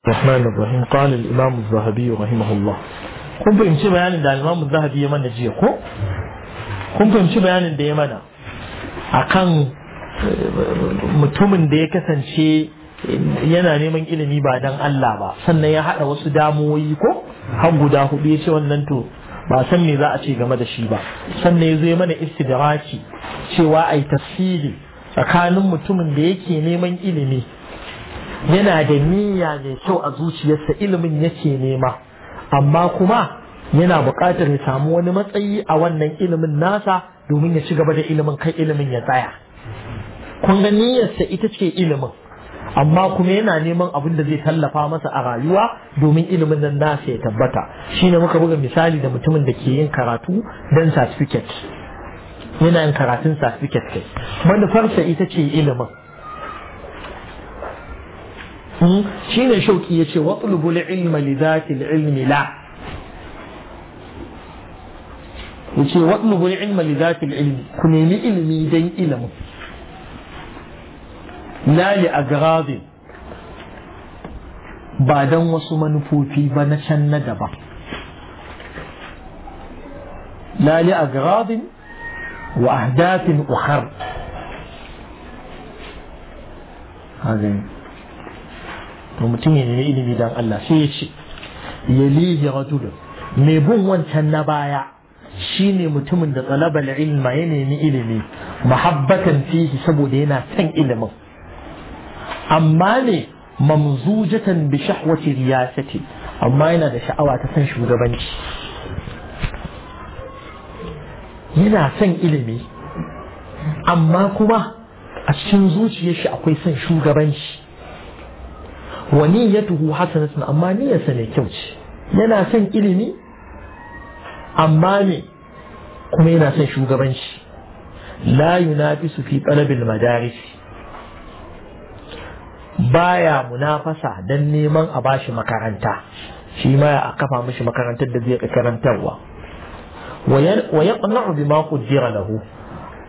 الرحمن الرحيم قال الإمام الذهبي رحمه الله kun fahimci bayanin da alimamu zahabi ya mana jiya ko kun fahimci bayanin da ya mana akan eh, mutumin da ya kasance yana neman ilimi ba dan Allah ba sannan ya haɗa wasu damuwoyi ko har guda hudu ya ce wannan to ba san me za a ce game da shi ba sannan ya zo ya mana istidraki cewa ai tafsiri tsakanin mutumin da yake neman ilimi yana da niyya mai kyau a zuciyarsa ilimin yake nema amma kuma yana buƙatar ya samu wani matsayi a wannan ilimin nasa domin ya ci gaba da ilimin kai ilimin ya tsaya kun ga niyyarsa ita ce ilimin amma kuma yana neman abin da zai tallafa masa a rayuwa domin ilimin nan nasa ya tabbata shine muka buga misali da mutumin da ke yin karatu don certificate yana yin karatun certificate kai manufarsa ita ce ilimin shine shauki yace watlubul ilma li dhati ilmi la yace watlubul ilma li dhati ilmi ku nemi ilmi dan ilimi la li agradin ba dan wasu manufofi ba na can na daban la li agradin wa ahdathin ukhar هذا mutum ya nemi ilimi dan Allah sai ya ce yalihi rajulun mai bin wancan na baya shine mutumin da talabal ilma ya nemi ilimi mahabbatan fihi saboda yana son ilimin amma ne mamzujatan bi shahwati riyasati amma yana da sha'awa ta san shugabanci yana son ilimi amma kuma a cikin zuciyar shi akwai son shugabanci wa niyyatuhu hasanatun amma niyyarsa mai kyau ce yana son ilimi amma ne kuma yana son shugabanci la yunafisu fi talabil madaris baya munafasa dan neman a bashi makaranta shi ma a kafa mishi makarantar da zai karantarwa wa yaqna'u bima qaddara lahu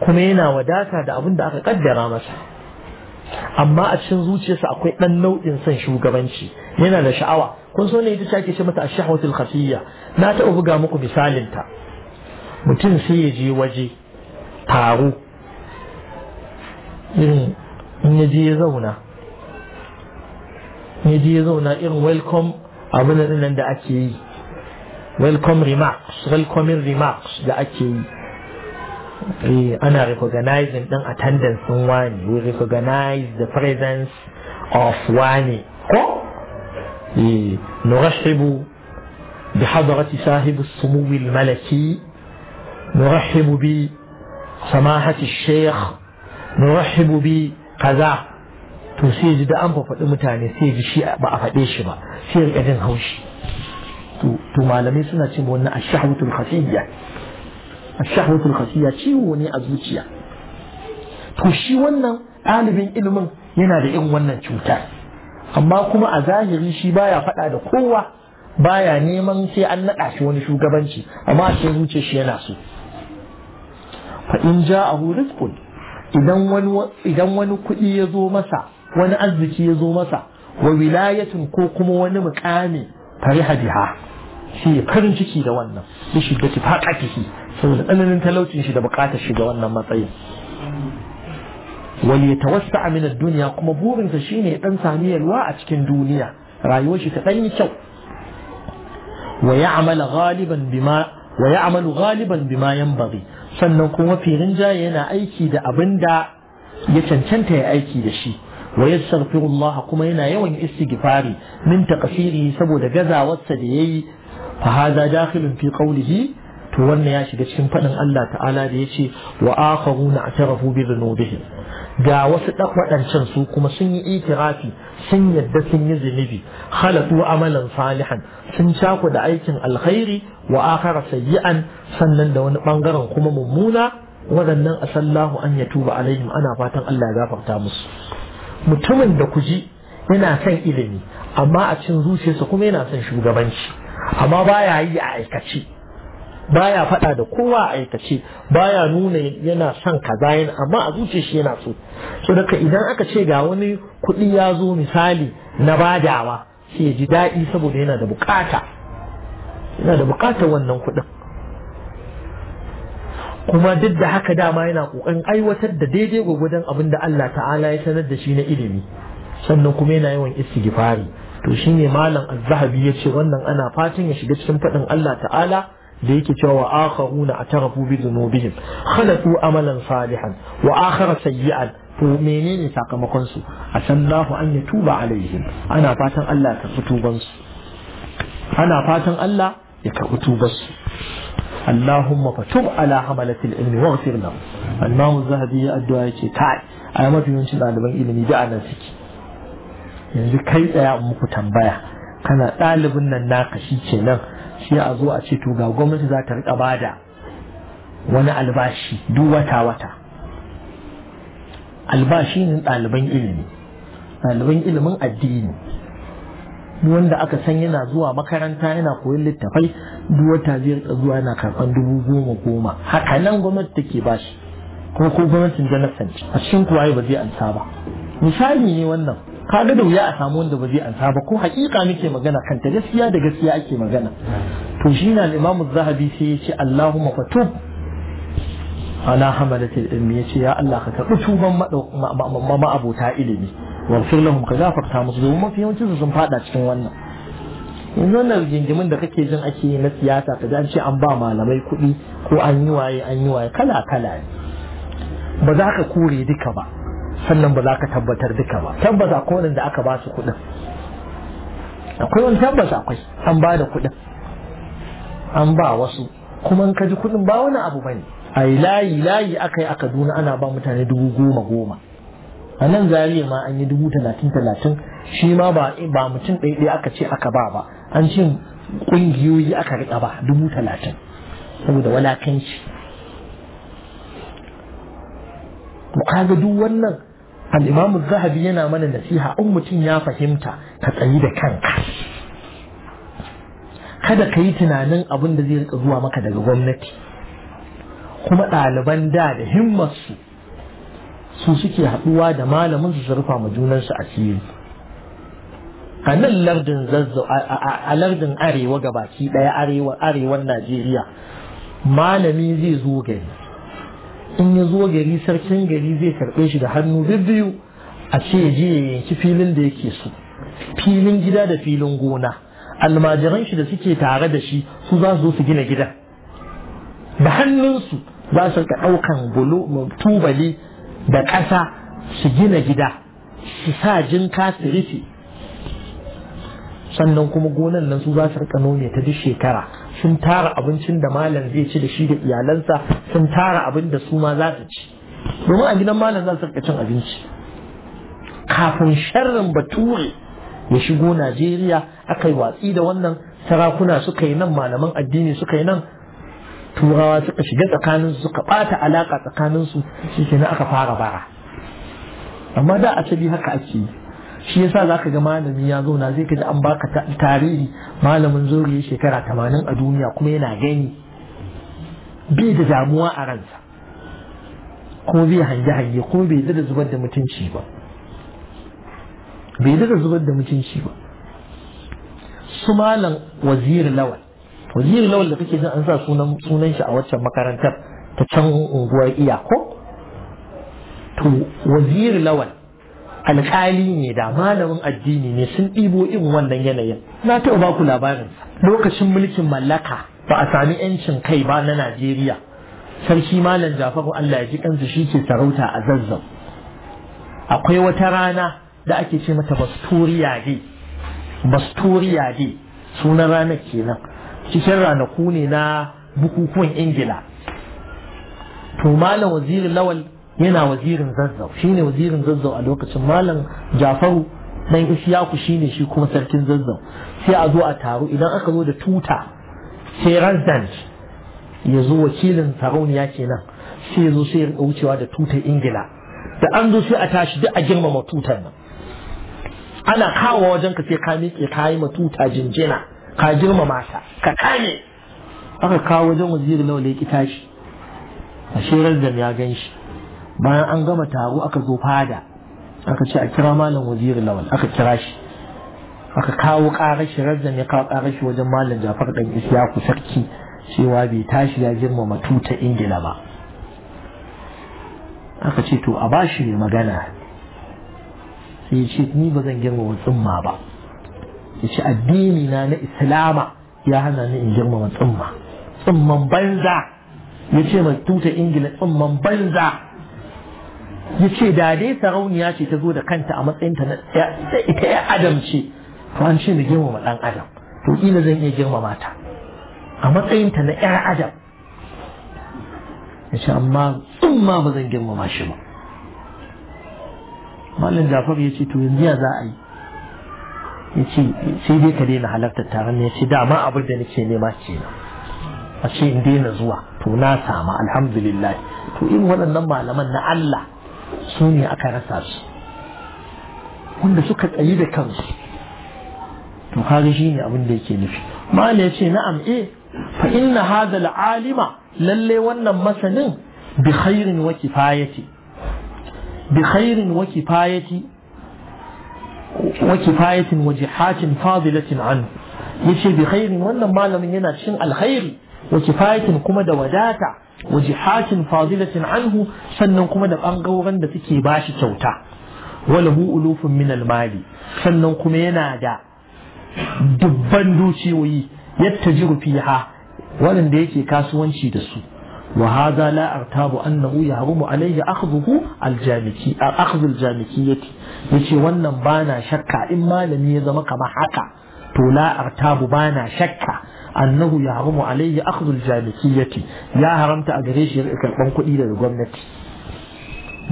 kuma yana wadata da abin da aka kaddara masa amma a cikin zuciyarsa akwai ɗan nau'in son shugabanci yana da sha'awa kun so ne ita ce ake ce mata ash-shahwatul khafiyya na taɓa buga muku misalin ta mutum sai ya je waje taro irin in ya je ya zauna je zauna irin welcome abin nan da ake yi welcome remarks welcoming remarks da ake yi ana recognizing din attendance sun wani we recognize the presence of wani ko eh nurashibu بحضرة صاحب السمو الملكي نرحب بسماحة الشيخ nurahhibu bi kaza to sai ji da an faɗi mutane sai ji shi ba a faɗe shi ba sai ya jin haushi to malamai suna cin wannan ashahwatul khafiyya ash-shahwatul khashiya ciwo ne a zuciya to shi wannan ɗalibin ilimin yana da irin wannan cuta amma kuma a zahiri shi baya faɗa da kowa baya neman sai an naɗa shi wani shugabanci amma a cikin zuciya shi yana so fa in ja a idan wani idan wani kuɗi ya zo masa wani arziki ya zo masa wa wilayatin ko kuma wani mukami. Fari ha shi farin ciki da wannan bi shiddati shi. saboda tsananin talaucin shi da bukatar shi ga wannan matsayin wal yatawassa'a min ad-dunya kuma burinsa shine dan sami yalwa a cikin duniya rayuwar shi ta dan yi kyau wa ya'mal ghaliban bima wa ya'malu ghaliban bima yanbaghi sannan kuma firin jaye yana aiki da abinda ya cancanta ya aiki da shi wa yastaghfiru Allah kuma yana yawan istighfari min taqsiri saboda gazawarsa da yayi fa hada dakhilun fi qawlihi to wannan ya shiga cikin faɗin Allah ta'ala da ya ce wa akharuna atarafu bi dhunubihim ga wasu ɗan waɗancan su kuma sun yi itirafi sun yadda sun yi zunubi halatu amalan salihan sun shaku da aikin alkhairi wa akhara sayyi'an sannan da wani bangaren kuma mummuna waɗannan asallahu an ya tuba alaihim ana fatan Allah ya gafarta musu mutumin da kuji yana son ilimi amma a cin zuciyarsa kuma yana son shugabanci amma baya yi a aikace baya faɗa da kowa a aikace baya nuna yana son kaza yana amma a zuce shi yana so so daga idan aka ce ga wani kuɗi ya zo misali na badawa sai ji daɗi saboda yana da bukata yana da bukatar wannan kuɗin kuma duk da haka dama yana ƙoƙarin aiwatar da daidai gwagwadon abin da Allah ta'ala ya sanar da shi na ilimi sannan kuma yana yawan istighfari to shine malam az-zahabi yace wannan ana fatan ya shiga cikin faɗin Allah ta'ala da yake cewa wa akharuna atarafu bi dhunubihim khalaqu amalan salihan wa akhara sayyi'an to menene sakamakon su asallahu an yatuba alaihim ana fatan Allah ya karbi tuban su ana fatan Allah ya karbi tuban su اللهم فتب على حملة العلم واغفر له الإمام الذهبي الدعاء يكي كاي أنا ما في ينشن على بن إلمي دعنا سكي yanzu kai tsaya muku tambaya kana ɗalibin nan naka shi kenan sai a zo a ce to ga gwamnati za ta riƙa bada wani albashi duk wata wata albashi ne ɗaliban ilimi ɗaliban ilimin addini wanda aka san yana zuwa makaranta yana koyon littafai duk wata zai rika zuwa yana karɓan dubu goma goma haka nan gwamnati take bashi ko ko gwamnatin sanci a cikin kuwaye ba zai amsa ba misali ne wannan kaga da wuya a samu wanda ba zai ansa ba ko hakika muke magana kanta gaskiya da gaskiya ake magana to shi na Imam Zahabi sai ya ce Allahumma fatub ala hamalati ilmi ya ce ya Allah ka karɓi tuban ma'abota ilimi waghfir lahum ka ta musu domin mafi yawancin su sun fada cikin wannan yanzu wannan da kake jin ake yi na siyasa ka an ce an ba malamai kuɗi ko an yi waye an yi waye kala kala ne ba za ka kore duka ba sannan ba za ka tabbatar duka ba tabbas akwai da aka ba su kuɗin akwai wani tabbas akwai an ba da kuɗin an ba wasu kuma in ka ji kuɗin ba wani abu bane a layi layi aka yi a kaduna ana ba mutane dubu goma goma a nan zariya ma an yi dubu talatin talatin shi ma ba mutum ɗaya aka ce aka ba ba an ce ƙungiyoyi aka riƙa ba dubu talatin saboda walakanci mu kaga duk wannan al'imamu zahabi yana mana nasiha in mutum ya fahimta ka tsayi da kanka kada ka yi tunanin abin da zai rika zuwa maka daga gwamnati kuma ɗaliban da da himmarsu su suke haɗuwa da malamin su rufa ma junansu asiri a nan lardin zazzau a lardin arewa gabaki ɗaya arewan najeriya malami zai zo gani. in ya zo gari sarkin gari zai karɓe shi da hannu biyu a ce ya je ya yanki filin da yake so filin gida da filin gona almajiran shi da suke tare da shi su za su zo su gina gidan da hannunsu za su rika ɗaukan bulo tubali da ƙasa su gina gida su sa jin kasu rufe sannan kuma gonan nan su za su rika nome ta duk shekara sun tara abincin da malam zai ci da shi da iyalansa sun tara abin da su ma za su ci domin a gidan malam za su cin abinci kafin sharrin bature ya shigo najeriya aka yi watsi da wannan sarakuna suka yi nan malaman addini suka yi nan turawa suka shiga tsakaninsu suka ɓata alaka tsakaninsu shi aka fara bara amma da asali haka ake yi shi yasa ka ga malami ya zauna zai ji an baka tarihi malamin zuriya shekara tamanin a duniya kuma yana gani bi da damuwa a ransa kuma bai hange hange kuma bai da zubar da mutunci ba bai da zubar da mutunci ba su malam wazir lawal wazir lawal da kake jin an sa sunan sunan shi a waccan makarantar ta can unguwar iya ko to wazir lawal alƙali ne da malamin addini ne sun ɗibo irin wannan yanayin na taɓa ba ku labarin lokacin mulkin mallaka ba a sami yancin kai ba na Najeriya sarki malam Jafaru Allah ya ji kansa shi ke sarauta a zazzau akwai wata rana da ake ce mata Basturiya Day Basturiya Day sunan ranar kenan cikin ranaku ne na bukukuwan Ingila to malam wazirin lawal yana wazirin zazzau shine wazirin zazzau a lokacin malam jafaru dan shi shine shi kuma sarkin zazzau sai a zo a taro idan aka zo da tuta sai resident ya zo wakilin sarauniya kenan sai ya zo sai ya wucewa da tutar ingila da an zo sai a tashi duk a girmama tutar nan ana kawo wajen ka sai ka miƙe ka yi matuta jinjina ka girmama ta ka kame aka kawo wajen wazirin na tashi a ya gan shi bayan an gama taro aka zo fada aka ce a kira malam waziri lawal aka kira shi aka kawo karar shi ya kawo karar shi wajen malam jafar dan isyaku sarki cewa bai tashi ya girmama tuta ingila ba aka ce to a bashi ne magana sai ya ce ni ba zan girmama tsumma ba ya ce addini na na islama ya hana ni in girmama tsumma tsumman banza ya ce ma tuta ingila tsumman banza ya ce da dai sarauniya ce ta zo da kanta a matsayinta na ita ya adam ce to an ce na girmama ɗan adam to ina zan iya girmama ta a matsayinta na ‘yar adam ya ce amma ma ba zan girmama shi ba Malam Jafar ya ce to yanzu ya za a yi ya ce sai dai ka daina halartar taron ne. ya ce dama abin da nake nema ce na a ce in daina zuwa to na samu alhamdulillah to in waɗannan malaman na Allah su ne aka rasa su wanda suka tsayi da kansu to kaga shi ne abin da yake nufi mala ya ce na'am eh fa inna hadha al'alima lalle wannan masanin bi khairin wa kifayati bi khairin wa kifayati wa kifayatin wa jihatin fadilatin an yace bi khairin wannan malamin yana cikin alkhairi wa kifayatin kuma da wadata wa jihatin fadilatin anhu sannan kuma da bangoran da suke bashi kyauta walahu ulufun min al-mali. sannan kuma yana da dubban dukiyoyi yattajiru fiha waɗanda yake kasuwanci da su wa hadha la artabu annahu yahrumu alayhi akhdhuhu aljamiki akhdhu aljamikiyati yace wannan bana shakka in malami ya zama kamar haka to la artabu bana shakka annahu yahrumu alayhi akhdhu al-jamikiyyati ya haramta a gare shi karban kuɗi daga gwamnati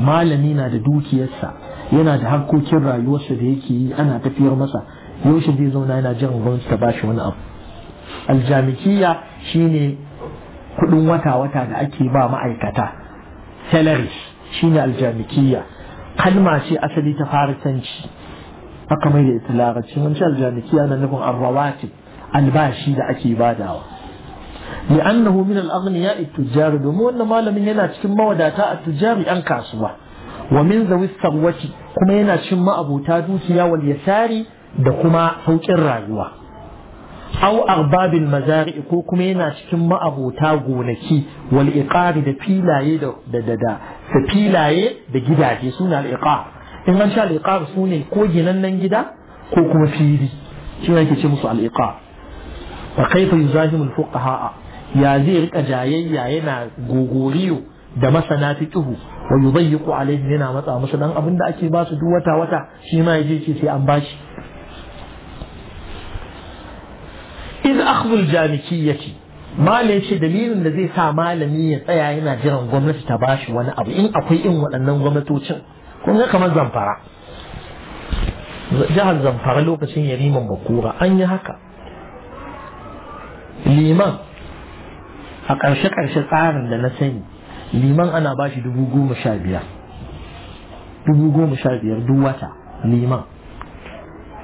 malami na da dukiyarsa yana da harkokin rayuwarsa da yake yi ana tafiyar masa yaushe zai zauna yana jiran gwamnati ta bashi wani abu aljamikiyya shine kuɗin wata-wata da ake ba ma'aikata salaries shine aljamikiyya kalma ce asali ta farisanci aka mai da ita larabci wancan aljamikiyya na nufin arrawati albashi da ake badawa li'annahu min al-aghniya at-tujjar domin wannan malamin yana cikin mawadata at tujjari an kasuwa wa min zawi sarwati kuma yana cikin ma'abuta dukiya wal yasari da kuma saukin rayuwa aw arbabil mazari ko kuma yana cikin ma'abuta gonaki wal iqari da filaye da da da da filaye da gidaje suna al-iqar in an sha al-iqar sune ko ginannen gida ko kuma fili shi ne ake ce musu al-iqar fa kaifa yuzahimu al-fuqaha ya zai rika jayayya yana gogoriyo da masana fiqhu wa yudayyiqu alaihi yana matsa musu dan abin da ake ba su duk wata wata shi ma yaje ce sai an bashi iz akhdhu al-janikiyyati malam ce dalilin da zai sa malami ya tsaya yana jiran gwamnati ta bashi wani abu in akwai in waɗannan gwamnatocin kun ga kamar zamfara jihar zamfara lokacin yariman bakura an yi haka liman a ƙarshe-ƙarshe tsarin da na sani liman ana ba shi dubu goma sha biyar dubu goma sha biyar duk wata liman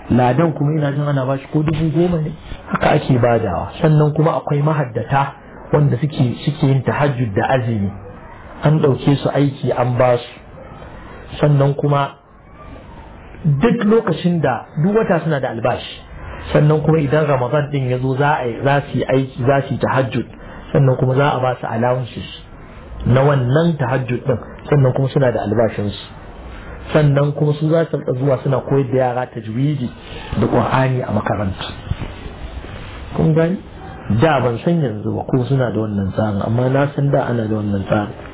ladan kuma ina jin ana ba shi ko dubu goma ne haka ake badawa sannan kuma akwai mahaddata wanda suke suke yin tahajjud da azumi an ɗauke su aiki an ba su sannan kuma duk lokacin da duk wata suna da albashi sannan kuma idan ramadan din ya zo za a za su yi aiki za su yi tahajjud sannan kuma za a ba su allowances na wannan tahajjud din sannan kuma suna da albashinsu sannan kuma su za su zuwa suna koyar da yara tajwidi da qur'ani a makaranta kun gani da ban san yanzu ba ko suna da wannan tsarin amma na san da ana da wannan tsarin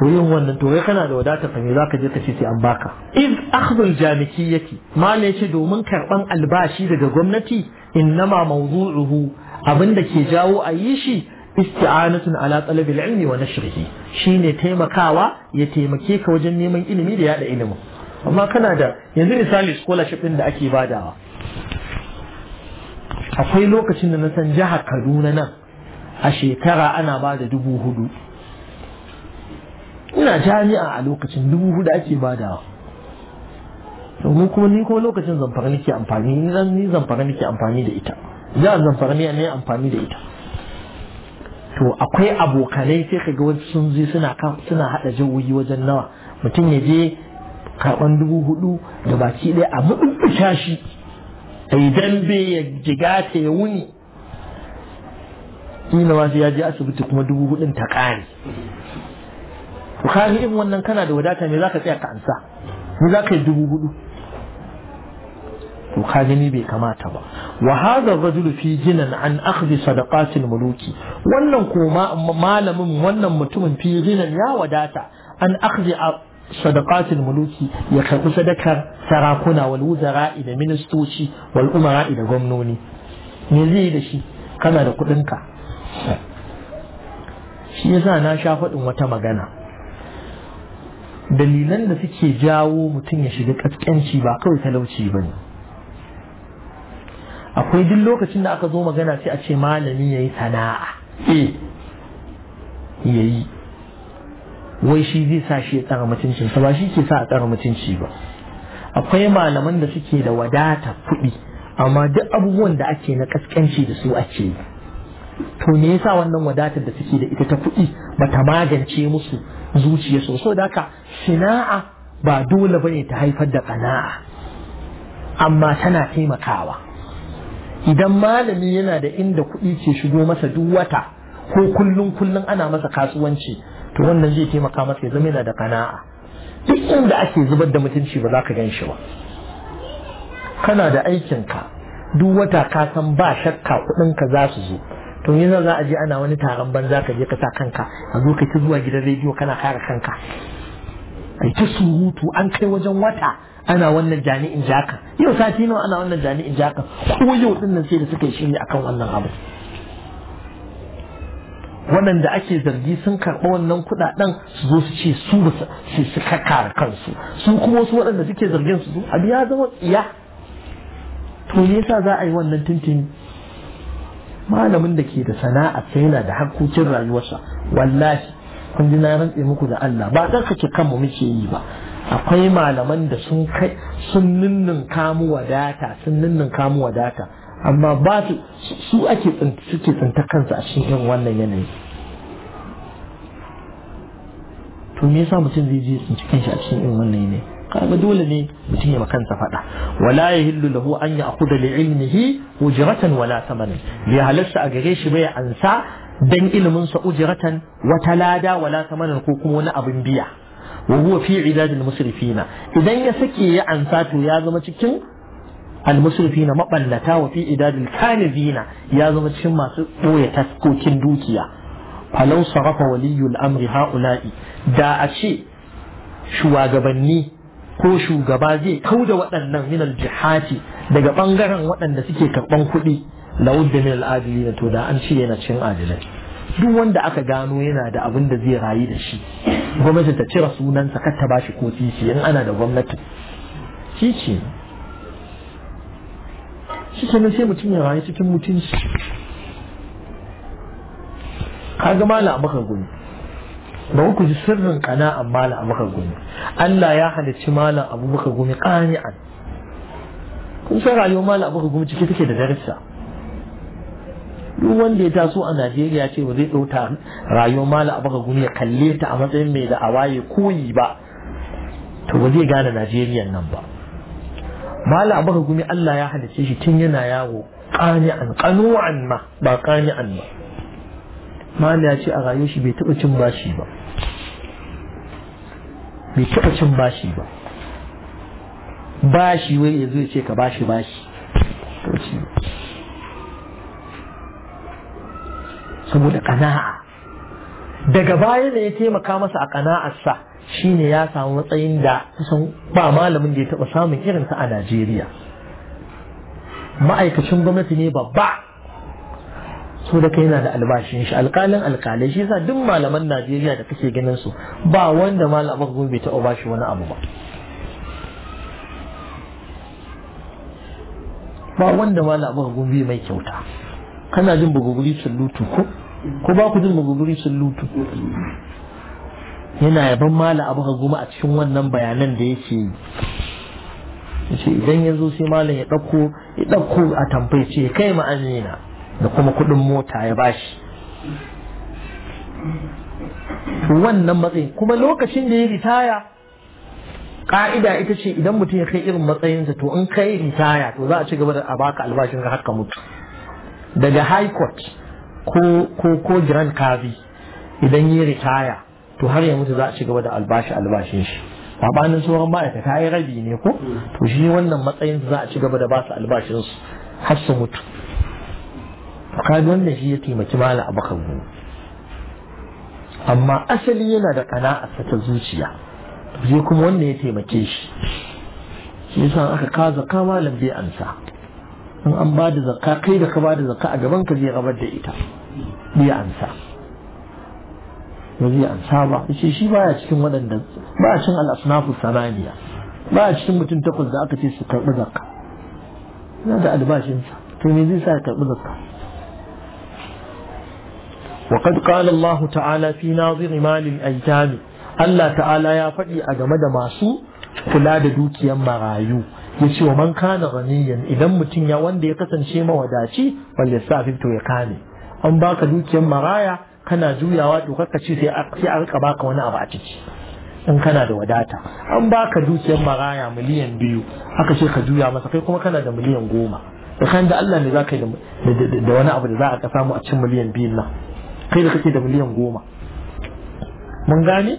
to yin wannan to kana da wadata fa me zaka je ka ce sai an baka iz akhdhul jamikiyati mal yace domin karban albashi daga gwamnati innama mawdu'uhu abinda ke jawo a yi shi isti'anatun ala talabil ilmi wa nashrihi shine taimakawa ya taimake ka wajen neman ilimi da yada ilimin amma kana da yanzu misali scholarship din da ake badawa akwai lokacin da na san jihar Kaduna nan a shekara ana ba da dubu hudu ina jami'a a lokacin dubu hudu ake badawa domin kuma ni kuma lokacin zamfara nake amfani ni zan ni zamfara nake amfani da ita za zamfara ne ne amfani da ita to akwai abokanai sai kaga wasu sun je suna suna hada jawoyi wajen nawa mutum ya je karban dubu hudu da baki ɗaya a mudubbuta shi ai dambe ya jigata ya wuni Ina ma sai ya je asibiti kuma dubu hudun ta ƙare to kaga irin wannan kana da wadata me zaka tsaya ka ansa me zaka yi dubu hudu to ka gani bai kamata ba wa hadha rajul fi jinan an akhdhi sadaqatil muluki wannan ko malamin wannan mutumin fi jinan ya wadata an akhdhi sadaqatil muluki ya karbi sadakar sarakuna wal wuzara'i da ministoci wal umara'i da gwamnoni me zai da shi kana da kudinka shi yasa na sha faɗin wata magana dalilan da suke jawo mutum ya shiga kaskanci ba kawai talauci ba ne akwai duk lokacin da aka zo magana sai a ce malami ya yi sana'a eh ya yi wai shi zai sa shi ya tsara mutuncinsa ba shi ke sa a tsara mutunci ba akwai malaman da suke da wadata kuɗi amma duk abubuwan da ake na kaskanci da su ake yi to me yasa wannan wadatar da suke da ita ta kuɗi ta magance musu zuciya so da haka sina'a ba dole bane ta haifar da ƙana'a amma tana taimakawa idan malami yana da inda kuɗi ke shigo masa duk wata ko kullum kullum ana masa kasuwanci to wannan zai taimaka masa ya zama yana da ƙana'a duk inda ake zubar da mutunci ba za ka gan shi ba kana da aikinka duk wata ka san ba shakka kuɗinka za su zo to yanzu za a je ana wani taron banza ka je ka sa kanka a zo ka ci zuwa gidan rediyo kana kare kanka kai ta surutu an kai wajen wata ana wannan jami'in jaka yau sati nawa ana wannan jami'in jaka ko yau din nan sai da suka yi shiri akan wannan abu waɗanda ake zargi sun karɓi wannan kuɗaɗen su zo su ce su ba su kakkara kansu su kuma wasu waɗanda suke zargin su abu ya zama tsiya to me yasa za a yi wannan tuntuni malamin da ke da sana'a ta yana da harkokin rayuwarsa wallahi kun ji na rantse muku da Allah ba dan kake kanmu muke yi ba akwai malaman da sun kai sun ninnin kamu wadata sun ninnin kamu wadata amma ba su su ake suke tsinta kansu a cikin wannan yanayi to me yasa mutum zai je tsinci kanshi a cikin wannan yanayi kaga dole ne mutum ya makansa faɗa wala da hu an akuda da ilmihi ujratan wala thamanan bi halarsa a gare shi bai ansa dan ilimin sa ujiratan wata lada wala thamanan ko kuma wani abin biya wa huwa fi idadil musrifina idan ya sake ya ansa to ya zama cikin musrifina maballata wa fi idadil kanizina ya zama cikin masu ɓoye taskokin dukiya falau sarafa waliyul amri ha'ula'i da a ce shugabanni ko shugaba zai kau da waɗannan minal jihati daga ɓangaren waɗanda suke karɓan kuɗi wudda min al'adili na to da an ce yana cin adilai duk wanda aka gano yana da abin da zai rayu da shi gwamnati ta cire sunansa kar ta bashi ko titi in ana da gwamnati shi ce shi sai mutum ya rayu cikin mutunci ka ga malam abubakar gumi ba ku ji sirrin kana mala a maka gumi Allah ya halicci malam maka gumi qani'an kun san rayuwar malam maka gumi ciki take da darissa duk wanda ya taso a Najeriya ce ba zai ɗauta rayuwar malam maka gumi ya kalle ta a matsayin mai da awaye koyi ba to ba zai gane Najeriya nan ba malam maka gumi Allah ya halicce shi tun yana yawo qani'an qanu'an ma ba malam ya ce a rayuwar shi bai taɓa cin bashi ba bai taɓa cin bashi ba bashi wai ya ya ce ka bashi bashi saboda ƙana'a daga baya ne ya taimaka masa a ƙana'arsa shine ya samu matsayin da kusan ba malamin da ya taɓa samun irinsa a Najeriya ma'aikacin gwamnati ne babba Su da kai yana da albashin shi alƙalin alƙalai shi yasa duk malaman Najeriya da kake ganin su ba wanda malamar gobe ta ba shi wani abu ba ba wanda malaman gobe mai kyauta kana jin buguguri lutu ko ko ba ku jin buguguri lutu? yana yaban mala abu goma a cikin wannan bayanan da yake yi yace idan ya zo sai malam ya ɗauko ya ɗauko a tambayi ce kai ma amina da kuma kuɗin mota ya bashi wannan matsayin kuma lokacin da ya ritaya ka'ida ita ce idan mutum ya kai irin matsayinsa to in kai ritaya to za a ci gaba da a baka albashin ka haka mutu daga high court ko ko ko grand kavi idan ya ritaya to har ya mutu za a ci gaba da albashi albashin shi sabanin sauran ma'aikata ya rabi ne ko to shi wannan matsayin za a ci gaba da ba su albashin su har su mutu to kaga wannan shi ya taimaki a abakar mu amma asali yana da kana'arsa ta zuciya zai kuma wannan ya taimake shi shi yasa aka ka zaka malam bai ansa in an ba da zakka kai da ka ba da zakka a gaban ka zai rabar da ita bai ansa ba zai ansa ba yace shi baya cikin waɗanda ba a cikin al-asnafu sananiya ba cikin mutum takwas da aka ce su karɓi zakka yana da albashinsa to me zai sa ya karɓi zakka وقد ta'ala الله تعالى في ناظر مال الأيتام Allah ta'ala ya faɗi a game da masu kula da dukiyar marayu ya ce wa man rani ganiyan idan mutum ya wanda ya kasance mawadaci wanda ya sa to ya kame an baka dukiyar maraya kana juyawa to kaka ce sai a rika baka wani abu a ciki in kana da wadata an baka dukiyar maraya miliyan biyu aka ce ka juya masa kai kuma kana da miliyan goma da kan da Allah ne za ka yi da wani abu da za a kasamu a cikin miliyan biyun nan kai da kake da miliyan goma mun gane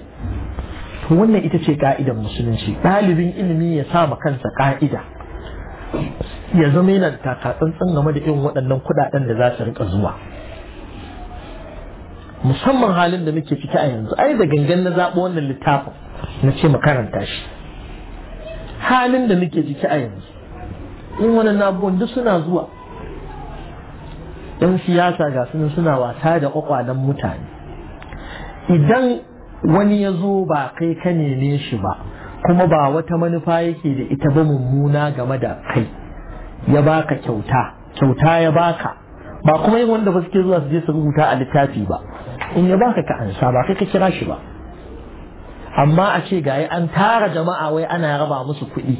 wannan ita ce ka'idan musulunci ɗalibin ilimi ya sa ma kansa ka'ida ya zama yana takatsantsan game da irin waɗannan kuɗaɗen da za su rika zuwa musamman halin da muke ciki a yanzu ai da gangan na zaɓo wannan littafin na ce makaranta shi halin da muke ciki a yanzu in wani abubuwan duk suna zuwa 'yan siyasa ga sunan suna wasa da kwakwalen mutane idan wani ya zo ba kai ka neme shi ba kuma ba wata manufa yake da ita ba mummuna game da kai ya baka kyauta kyauta ya baka ba kuma yin wanda ba suke zuwa su je su rubuta a littafi ba in ya baka ka ansa ba kai ka kira shi ba amma a ce gaye an tara jama'a wai ana raba musu kuɗi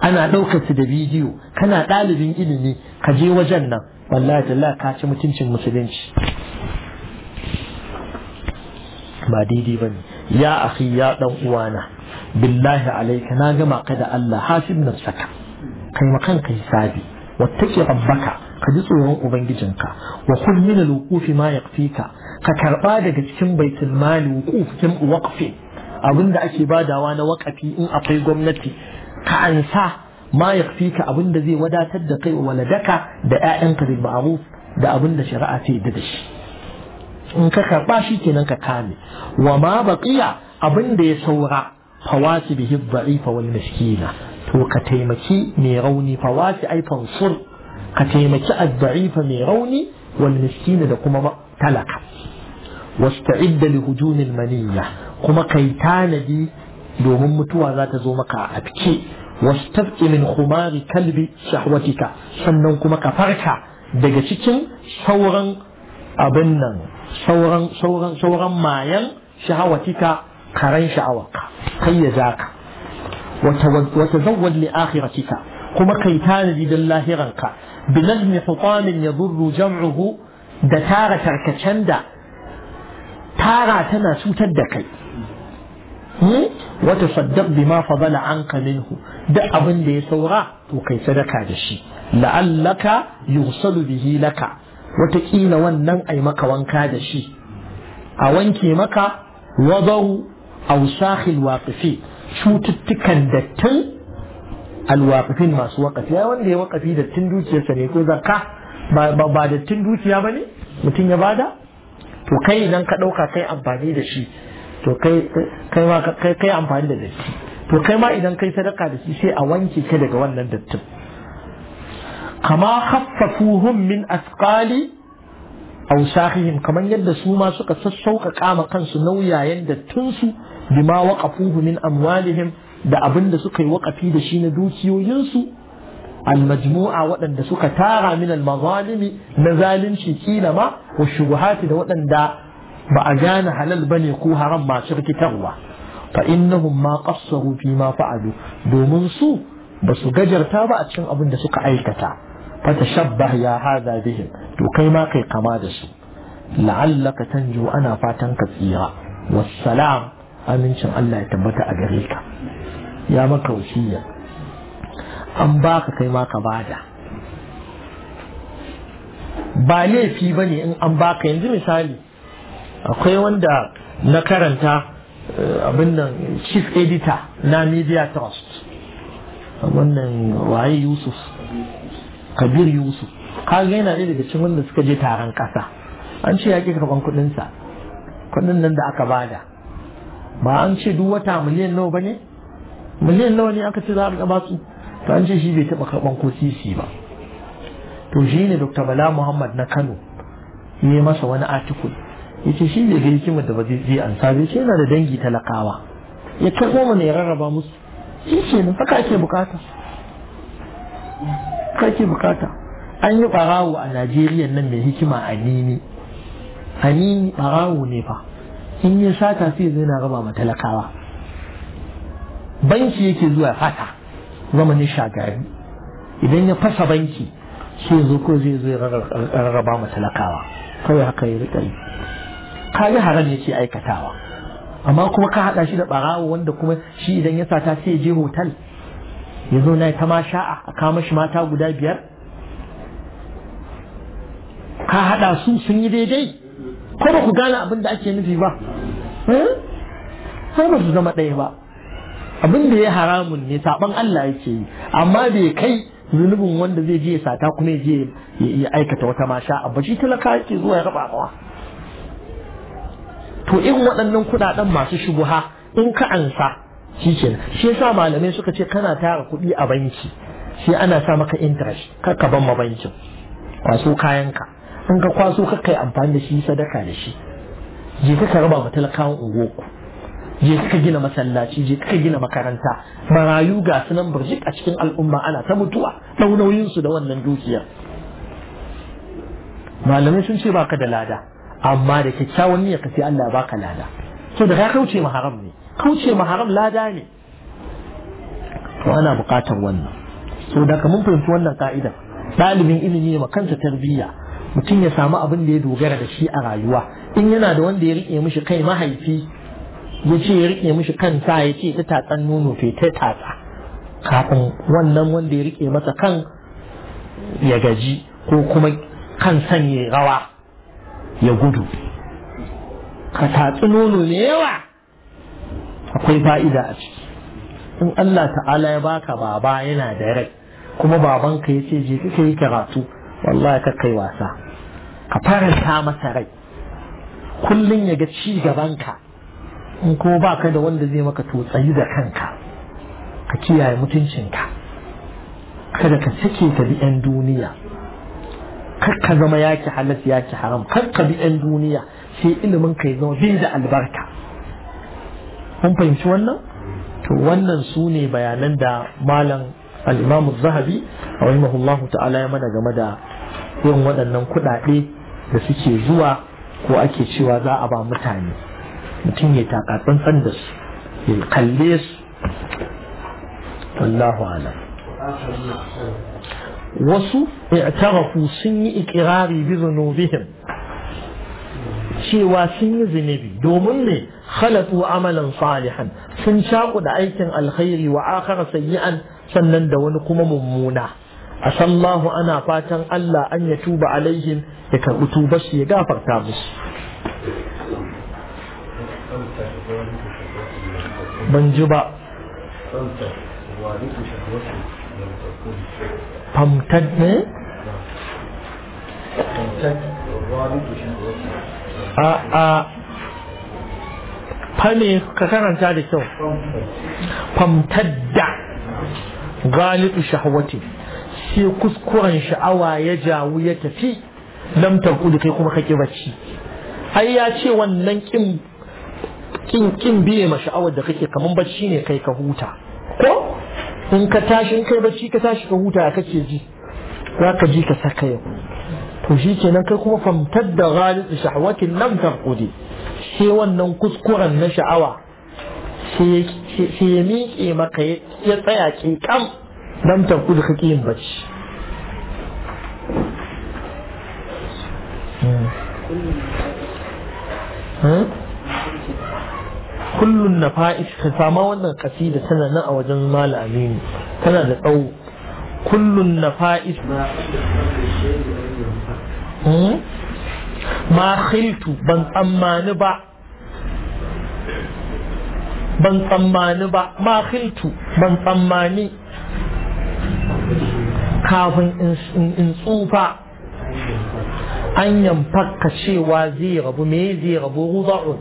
ana ɗaukar da bidiyo kana ɗalibin ilimi ka je wajen nan wallahi talla ka ci mutuncin musulunci ba daidai ba ne ya akhi ya dan uwana billahi alayka na gama ka da Allah hasib nafsaka kai ma kanka hisabi wattaki rabbaka ka ji tsoron ubangijinka wa kul min alwuqufi ma yaqfika ka karba daga cikin baitul mali wuquf jam'u waqfi abinda ake badawa na waqafi in akwai gwamnati ka ansa ما يكفيك أبن ذي ودا تدقي ولدك دا أعنك ذي المعروف دا أبن ذا شرعة ددش إنك كرباشي كننك كامل وما بقي أبن ذي سورة فواسي به الضعيف والمسكينة تو كتيمكي ميروني فواسي أي فانصر كتيمكي الضعيف ميروني والمسكينة دا كما تلك واستعد لهجون المنية كما كيتان دي دومن متوى ذات زومك أبكي واستبق من خمار كلب شهوتك سننكم كفرتا دجتشن صورن أبنن صورن صورن صورن مايان شهوتك كرين شهوتك كي يزاك وتزود لآخرتك كما كيتان لدى الله بنجم حطام يضر جمعه دتارة تركتشن تارة تنا سوتدكي Hmm? wata saddaq bima fadala anka minhu da abin da ya saura to kai sadaka da shi la'allaka yusalu bihi laka wataƙila wannan ai maka wanka da shi a wanke maka wadaru awsakhil waqifi cututtukan dattin alwaqifin masu waqafi ya wanda ya waqafi dattin dukiyarsa ne ko zakka ba ba dattin dukiya bane mutum ya bada to kai idan ka dauka kai amfani da shi to kai ma kai kai amfani da datti to kai ma idan kai sadaka da shi sai a wanke ka daga wannan dattin kama khaffafuhum min asqali awsahihim kaman yadda su ma suka sassauka ma kansu nauyayen dattin su bima waqafuhu min amwalihim da abin da suka yi waƙafi da shi na dukiyoyinsu almajmu'a waɗanda suka tara min mazalimi na zalunci kila ma wa shubuhati da waɗanda ba a gane halal bane ko haram masu rikitarwa fa innahum ma qassaru fi ma fa'alu domin su ba su gajarta ba a cikin abin da suka aikata fa tashabbah ya hada bihim to kai ma kai kama da su la'allaka tanju ana fatan ka tsira wassalam amincin Allah ya tabbata a gare ka ya maka wasiya an baka kai ma ka bada ba laifi bane in an baka yanzu misali akwai wanda na karanta eh, abin nan chief editor na media trust wannan waye yusuf kabir yusuf ga yana daga cikin wanda suka je taron kasa. an ce ya ƙi karɓan sa. kudin nan da aka bada ba an ce duk wata miliyan nawa ba ne miliyan nawa ne aka ce za a ba su to an ce shi bai taba karban ko sisi ba to shi ne dr bala muhammad na kano ya masa wani article yace shi ne ga hikimar da ba zai ansa bai ce yana da dangi talakawa ya karbo mana ya rarraba musu shi ce ne haka ake bukata haka ake bukata an yi barawo a Najeriya nan mai hikima a nini a nini barawo ne fa in ya sata sai zai na raba ma talakawa banki yake zuwa fata ne shagari idan ya fasa banki sai zo ko zai zo ya rarraba ma talakawa kawai haka ya rikari kaga haram yake aikatawa amma kuma ka haɗa shi da ɓarawo wanda kuma shi idan ya sata sai ya je hotel ya zo na ta ma sha'a a kama shi mata guda biyar ka haɗa su sun yi daidai ko ba ku gane abin da ake nufi ba sai eh? ba su zama ɗaya ba abin da ya haramun ne saban Allah yake yi amma bai kai zunubin wanda zai je ya sata kuma ya je ya aikata wata masha ba shi talaka yake zuwa ya raba to irin waɗannan kuɗaɗen masu shubuha in ka ansa shi kenan shi yasa malamai suka ce kana tara kuɗi a banki sai ana sa maka interest kar ka ban ma bankin kwaso kayanka in ka kwaso kar kai amfani da shi sadaka da shi je ka raba ma talakawan unguwarku je ka gina masallaci je ka gina makaranta marayu ga su nan burjik a cikin al'umma ana ta mutuwa ɗau da wannan dukiyar malamai sun ce ba ka da lada amma da kyakkyawan niyyar ka sai Allah baka lada so da kai kauce ma haram ne kauce ma haram lada ne to ana buƙatar wannan so da fahimci wannan ka'ida ɗalibin ilimi ma kansa tarbiyya mutum ya samu abin da ya dogara da shi a rayuwa in yana da wanda ya rike mishi kai mahaifi ya ce ya riƙe mishi kansa ya ce ta tatsan nono fe ta tatsa kafin wannan wanda ya rike masa kan ya gaji ko kuma kan sanya rawa ya gudu ka tatsi nono ne yawa akwai fa'ida a ciki in Allah ta'ala ya baka baba yana da rai kuma babanka ya ce je kake yi karatu wallahi ka kai wasa ka faranta masa rai kullum ya ga ci gabanka in kuma baka da wanda zai maka tutsayi da kanka ka kiyaye mutuncinka kada ka sake ka bi 'yan duniya ka zama yaki halas yaki haram ka bi yan duniya sai ilimin ka ya zama bin da albarka kun fahimci wannan to wannan su ne bayanan da malam zahabi. A wani rahimahullahu ta'ala ya mana game da irin waɗannan kuɗaɗe da suke zuwa ko ake cewa za a ba mutane mutum ya taka tsantsan da su ya kalle su wallahu alam wasu i'tarafu sun yi ikirari bi zunubihim cewa sun yi zunubi domin ne khalatu amalan salihan sun shaku da aikin alkhairi wa akhara sayyi'an sannan da wani kuma mummuna asallahu ana fatan Allah an ya tuba alaihim ya karbi tubar su ya gafarta musu ban ji ba famtad ne a ka karanta da kyau famtadda galitu shahwati sai kuskuren sha'awa ya jawo ya tafi lam tanqudu kai kuma kake bacci ai ya ce wannan kin kin kin biye ma sha'awar da kake kaman bacci ne kai ka huta ko in ka tashi in kai bacci ka tashi ka huta kake ji za ka ji ka saka yau to shi kenan kai kuma famtar da ghalib shahwatin lam tarqudi sai wannan kuskuren na sha'awa sai ya miƙe maka ya tsaya ke kam lam ka ƙi yin bacci hmm. Hmm? kullun nafa'is ka sama wannan kasida tana nan a wajen malami tana da tsawo kullun nafa'is hmm? ma khiltu ban tsammani ba ban tsammani ba ma khiltu ban tsammani kafin in tsufa an yamfaka cewa zai rabu me zai rabu ruza'un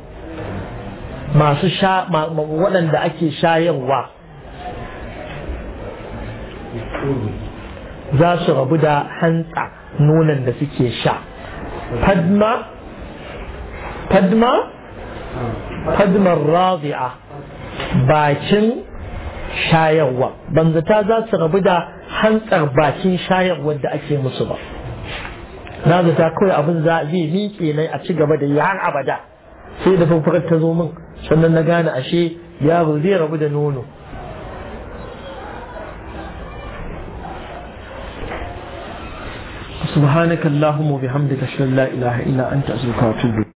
masu sha waɗanda ake shayarwa za su rabu da hantsa nonon da suke sha fadma fadma fadmar razi'a bakin shayarwa banzata za su rabu da hantsar bakin shayarwar da ake musu ba na zata kawai abin za zai miƙe ne a ci gaba da yi har abada sai da fafar ta zo min sannan na gane ashe yaro zai rabu da nono subhanakallahumma wa bihamdika ashhadu an la ilaha